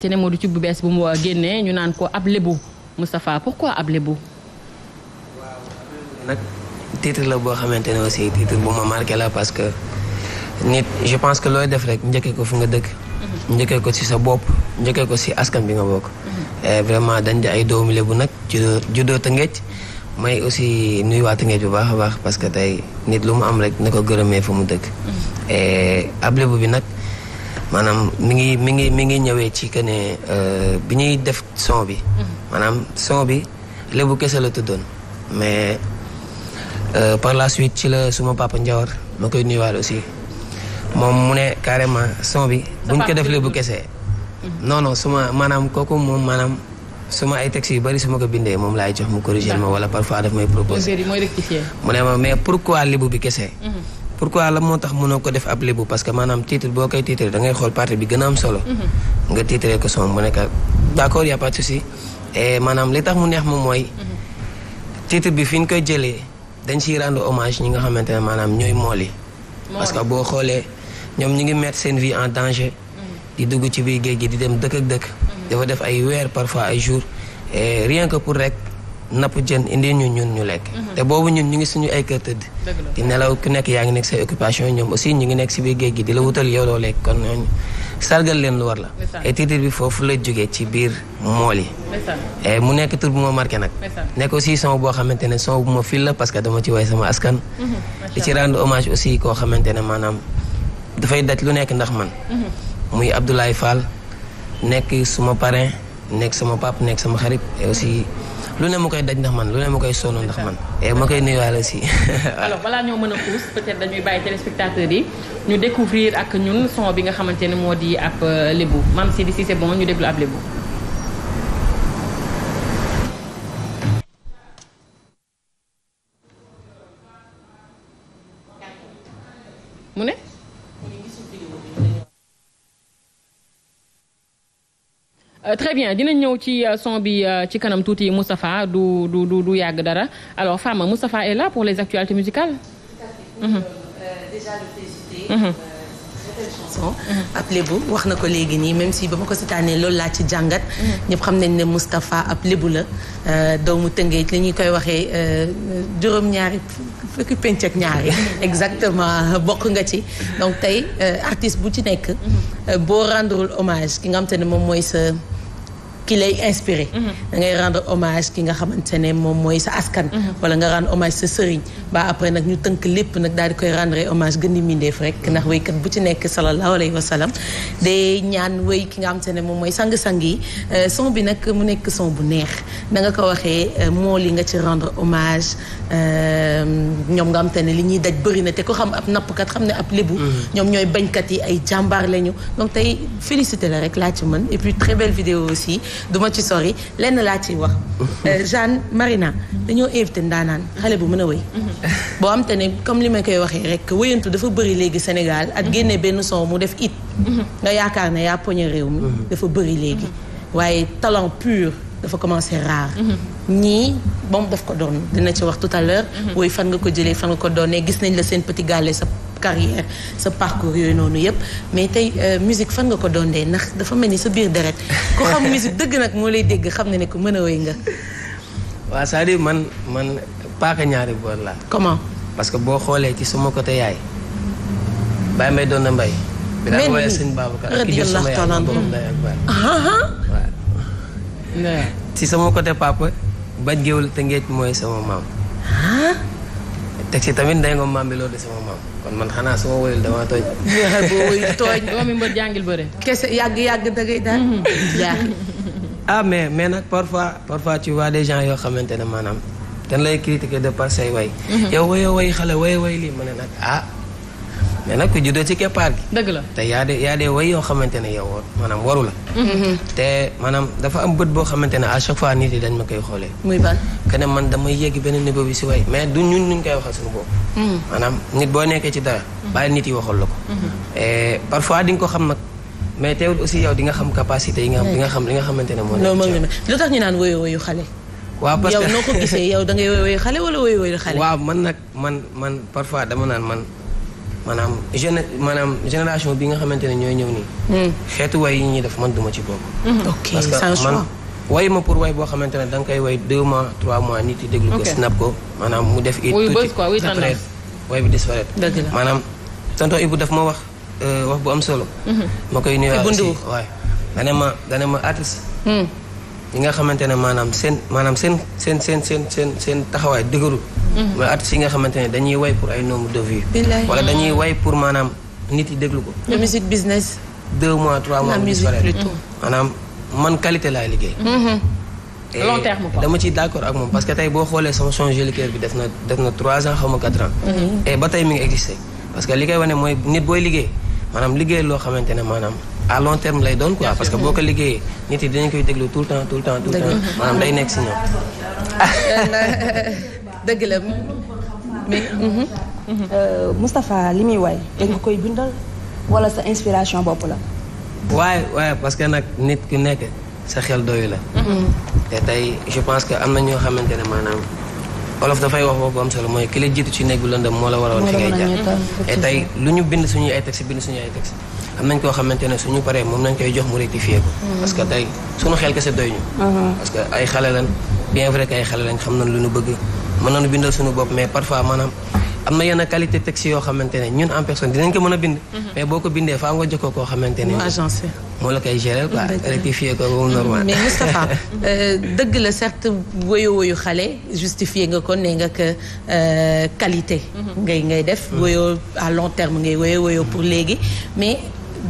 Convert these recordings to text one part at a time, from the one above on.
te ne moo du ci bu bees bu mu waa génnee ñu naan ko ab lébu Moustapha pourquoi ab lébu. waaw nag titre la boo xamante ne aussi titre bu ma marqué la parce que nit je pense que looy def rek njëkkee ko fu nga dëkk. Mhm. njëkkee ko ci sa bopp njëkkee ko ci askan bi nga bokk. Mhm. Eh, vraiment dañ di ay doomu lébu nag juddoo juddoo Tëngéej may aussi nuyuwaa Tëngéej bu baax a baax parce que tey nit lu mu am rek na ko gërëmee fu mu dëkk. Mhm. Eh, ab lébu bi nag. maanaam mi ngi mi ngi mi ngi ñëwee ci que ne euh, bi ñuy def son bi. Mm-hmm. maanaam son bi lébu kese la tuddoon mais euh, par la suite ci la suma papa Ndiawar ma koy nuyuwaal aussi moom mu ne carrément son bi. buñ ko def lébu kese. Mm-hmm. non non suma maanaam kooku moom maanaam suma ay textes yu bari su ma ko bindee moom laay jox mu corriger ma wala parfois daf may proposer. mu ne ma mais pourquoi lébu bi kese. Mm-hmm. pour pourquoi la moo tax mënoo ko def ab lébu parce que maanaam titre boo koy titre da ngay xool parti bi gën a am solo. Mhm. nga titre ko son bu nekk d' accord y' a pas de souci maanaam li tax mu neex moom mooy. Mhm. titre bi fi ñu koy jëlee dañ ciy rendre hommage ñi nga xamante ne maanaam ñooy mool parce que boo xoolee ñoom ñu ngi mettre seen vie en danger. Mhm. di dugg ci biir géej gi di dem dëkk ak dëkk. dafa def ay weer parfois ay jours et rien que pour rek. napp jën indi ñun ñun ñu lekk mhm. te boobu ñun ñu ngi suñu ay kër tëdd di nelaw ku nekk yaa ngi nekk say occupation ñoom aussi ñu ngi nekk si biir géej gi di la wutal yow loo lekk kon ñooñu sargal leen lu war la et titre bi foofu la jógee ci biir mool yi et mu nekk tur bu ma marqué nag nekk aussi son boo xamante ne son bu la parce que dama ci way sama askan li mhm. ci rendre hommage aussi koo xamante ne maanaam dafay daj lu nekk ndax man mhm. muy Abdoulaye Fall nekk suma parrain nekk sama pap nekk sama xarit aussi lu ne mu koy daj ndax man lu ne mu koy sonn ndax man. et eh, ma koy nuyuwaale si. alors balaa ñoo mën a xuus peut-être dañuy bàyyi téléspectateurs yi ñu découvrir ak ñun son bi nga xamante ne moo di ab euh, lébu maam si di si c'est bon ñu déglu ab lébu. Euh, très bien dinañ ñëw ci euh, son bi euh, ci kanam tuuti Moustapha du du du du yàgg dara alors Fama Moustapha est là pour les actualités musicales. tout à fait. Mhm. ab mhm. lébu wax na ko léegi nii même si ba ma ko sitaanee loolu laa ci jàngat mhm. ñëpp xam nañ ne Moustapha ab lébu la doomu tëngéej li koy waxee juróom-ñaari fukki penc ak ñaari exactement bokk nga ci donc tey artiste bu ci nekk boo rendrewul hommage ki nga xam te ne moom mooy sa ki lay inspiré mhm. da ngay rendre hommage ki nga xamante ne moom mooy sa askan mhm. wala nga rendre hommage sa sëriñ ba après nag ñu tënk lépp nag daal di koy rendre hommage gën di mindeef rek mhm. ndax wéykat bu ci nekk sallallahu alayhi wa sallam day ñaan wéy ki nga xamante ne moom mooy sang-sang yi euh, son bi nag mu nekk son bu neex da nga ko waxee euh, moo li nga ci rendre hommage euh, ñoom nga xamante ne li ñuy daj bëri na te ko xam ab nappkat xam ne ab lébu ñoom ñooy bañkat yi ay jàmbaar lañu donc tey la rek laa ci mën et du ma ci sori lenn laa ciy wax. Euh, Jeanne Marina dañoo invité ndaanaan xale bu mën a wëy. Mhm. boo am te ne comme li ma koy waxee rek wëyantu dafa bëri léegi Sénégal ak mhm. génne benn son mu def it. Mhm. nga yaakaar ne yaa poñe réew mi. dafa bëri léegi waaye talent pur. dafa commencé rare. ñii moom daf ko doon dina ci wax tout à l'heure. woy fan nga ko jëlee fan nga ko doonee gis nañ la seen petit gàlle sa carrière sa parcours yooyu noonu yëpp mais tey euh, musique fan nga ko doondee ndax dafa mel ni sa biir deret ku xam musique dëgg nag moo lay dégg xam ne ne ko mën a woy nga waaw man man paaka ñaari boor laa comment parce que boo xoolee ci suma côté yaay Baye Mbaye doon na mbay bi daan woowee sëñ Babacar ak ki jur suma yaay borom day ak baay ci sama côté papa baj géwël te ngeej mooy sama maam ah. teg ci tamit ndey ngoom maam bi loolu de sama maam kon man xanaa su ma woyul damaa tooñ. boo woyul tooñ yàgg yàgg dëgg daal. Mhm. ah mais mais nag parfois parfois tu vois des gens yoo xamante ne maanaam dañ lay critiquer de par way. Mhm. yow woyoo woy xale lii ma nag ah. mais nag ku juddoo ci keppaar gi. dëgg la te yaa de yaa de way yoo xamante ne yow maanaam waru la. Mm-hmm. te maanaam dafa am bët boo xamante ne à chaque fois nit yi dañ ma koy xoolee. muy ban que ne man damay yegg benn niveau bi si way mais du ñun ñu koy waxal suñu bopp. Mm-hmm. maanaam nit boo nekkee ci dara. Mm-hmm. bàyyi man parfois dama naan man maanaam jeune maanaam génération bi nga xamante ne ñooy ñëw nii. Hmm. xeetu way yi ñuy def man duma ci bokk. Hmm. ok parce que man way ma pour way boo xamante ne da nga koy way 2 mois 3 mois nit yi déglu ko snap ko maanaam mu def. it tuuti après way bi disparaître. dëgg la maanaam tonton Ibou daf ma wax euh, wax bu am solo. Hmm. ma koy nuyuwaat aussi waay dane ma dane ma artiste. ñi nga xamante ne maanaam seen seen seen seen seen seen taxawaay dëgërul. mooy mm-hmm. artistes yi nga xamante ne way pour ay nombre de vues wala dañuy way pour maanaam nit yi déglu ko le musique business deux mois trois mois mm-hmm. ma quatre ans mm-hmm. et ba tey mi ngi existé parce que li koy wane mooy nit booy liggéey maanaam liggéey loo xamante ne maanaam à long terme lay doon quoi parce que boo ko liggéeyee nit yi dañu koy déglu tout le temps tout le temps maanaam day nekk si ñoom dëgg la mais. Euh, Moustapha li muy way dañ ko koy bindal wala sa inspiration bopp la. waaye waaye parce que nag nit ki nekk sa xel doy la. Mhm. te tey je pense que am na ñoo xamante ne maanaam. olof dafay wax wax bu am solo mooy ki la jiitu ci néeg bu lëndëm moo la waroon fi ngay jaar lu ñu bind suñuy ay texte bind suñuy am nañ koo xamante ne suñu paree moom nañ koy jox mu rectifier ko mhm. parce que tey suñu xel kese doy ñu mhm. parce que ay xale lañ bien vrai que ay xale lañ xam nañ lu ñu bëgg mën nañu bindal suñu bopp mais parfois maanaam am na yenn qualité texte yoo xamante ne ñun en personne dinañ ko mën a bind. Mhm. mais boo ko bindee faa nga jokkoo koo xamante ne. agencé moo koy gérer quoi rectifier euh, dëgg la certes woyo woyu xale justifié nga ko nee nga que euh, qualité. Mhm. ngay ngay def. Mhm. woyo à long terme ngay woyo woyo pour léegi mais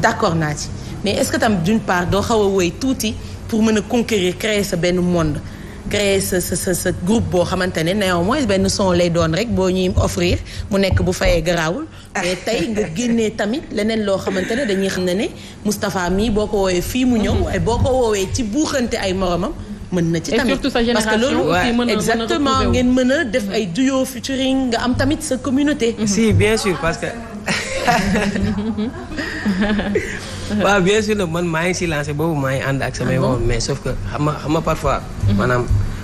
d'accord naa ci mais est-ce que tam d'une part doo xaw woy tuuti pour mën a conquérir créer sa benn monde. créer sa sa sa groupe boo xamante ne néanmoins benn son lay doon rek boo ñuy offrir mu nekk bu fayee garaawul. mais ah. tey nga génnee tamit leneen loo xamante ne dañuy xam ne ne Moustapha mii boo ko woowee fii mu ñëw. Mm-hmm. waaye boo ko woowee ci buuxante ay moromam. mën na ci tamit parce que loolu ouais. exactement ngeen mën a def ay duo featuring nga am tamit sa communauté. Mm-hmm. si bien sûr parce que. waa bien sûr nag man maa ngi si lancé boobu maa ngi ànd ak samay woon ah mais sauf que xam nga xam nga parfois mhm. maanaam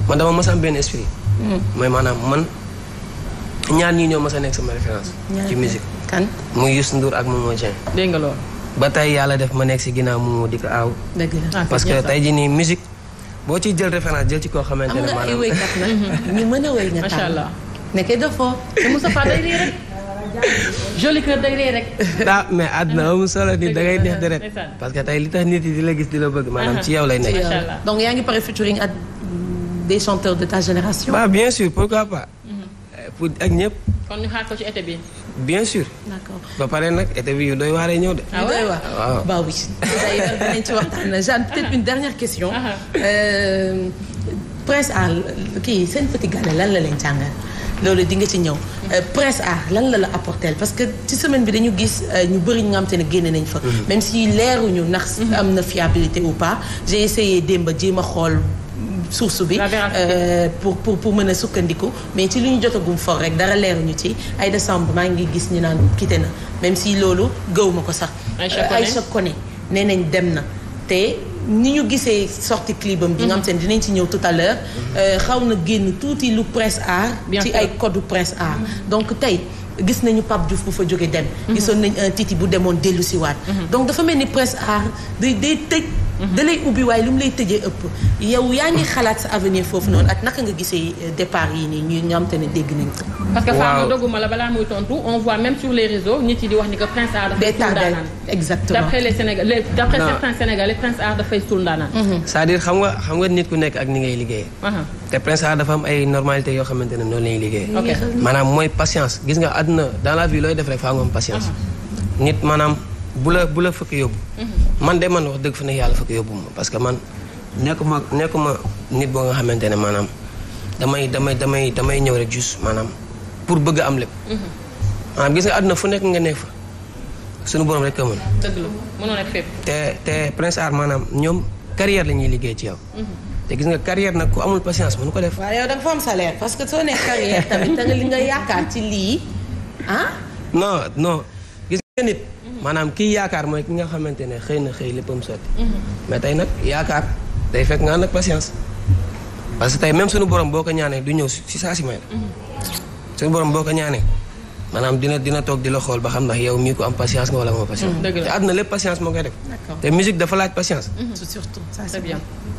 man dama mas am benn esprit mhm. mooy maanaam man ñaan yi ñoo mas a nekk sama référence ci musique kan muy Youssou Ndour ak Momo Dieng dégg nga ba tey yàlla def ma nekk si ginnaaw mu di ko aaw ah, parce que tey jii nii musique boo ciy jël référence jël ci koo xamante ne ma nga ay wéykat nag ñu mën a wéy nga tàmm nekkee defoo te Moussa Faye day rek joli kër day rey rek. ah mais àdduna amul solo nii da ngay neex deret parce que tey li tax nit yi la gis di la bëgg. maanaam ci yow lay nekk. donc yaa ngi pare featuring ak des chanteurs de ta génération. waaw mhm. euh, ak ñëpp. kon ñu ko ci été bi. bien sûr. ba pare nag été bi yu doy waaree ñëw de. ah oui waaw waaw oui. d'ailleurs dinañ ci waxtaan Jeanne peut-être question. Ah ah. Euh, Prince Al kii seen petit gàlle lan la leen jàngal. loolu di nga ci ñëw. Euh, presse à lan la la apporté parce que ci semaine bi dañu gis euh, ñu bëri ñu ne génne nañ fa. Mm-hmm. même si leeruñu ndax. Mm-hmm. am na fiabilité ou pas j'ai essayé démb jéem a xool. source bi euh, pour pour pour mën a sukkandiku mais ci li ñu jotagum for rek dara leeruñu ci ay décembre maa ngi gis ñu naan quitté na même si loolu gëw ma ko sax. Aïcha Koné nee nañ dem na te. ni ñu gisee sorti clipam bi nga xam seen dinañ ci ñëw tout euh, xaw na génn tuuti lu presse art ci ay code presse art donc tey gis nañu Pape Diouf bu fa jóge dem mhm. gisoon nañ un titi bu demoon dellu siwaat mhm. donc dafa mel ni presse art day day tëj da lay ubbi waaye lu mu lay tëjee ëpp yow yaa ngi xalaat sa avenir foofu noonu ak naka nga gisee euh, départ yi nii ñuy nga ne dégg nañ ko parce que Fama dogguma la balaa muy tontu on voit même sur les réseaux nit yi di wax ni ko Prince Art dafay suul ndaanaan exactement d'après les Sénégalais d'après dafay suul ndaanaan c'est-à-dire xam nga xam nga nit ku nekk ak ni ngay liggéeyee te Prince Art dafa am ay normalité yoo xamante ne noonu lañuy liggéeyee maanaam mooy patience gis nga àdduna dans la vie looy def rek faa nga maanaam bu la bu la fëkk yóbbu mhm. man de man wax dëgg fa ne yàlla fa ko yóbbu ma parce que man nekkuma nekkuma nit boo nga xamante ne maanaam damay damay damay damay ñëw rek juste maanaam pour bëgg am lépp. maanaam ah, gis nga àdduna fu nekk nga nekk fa suñu borom rek a mën. te te maanaam ñoom carrière la ñuy liggéey ci yow. Mhm. te gis nga carrière nag ku amul patience mënu ko def. waaw yow da am salaire parce que soo nekk carrière tamit da li nga yaakaar ci lii ah? non non gis nga nit. maanaam kii yaakaar mooy ki nga xamante ne xëy na xëy léppam sotti mhm. mais tey nag yaakaar day fekk nga nag patience parce que tey même sunu borom boo ko ñaanee du ñëw si saa si may la mhm. suñu borom boo ko ñaanee maanaam dina dina toog di la xool ba xam ndax yow mii ko am patience nga wala moo patience mhm, te àdduna lépp patience moo koy def te musique dafa laaj patience surtout ça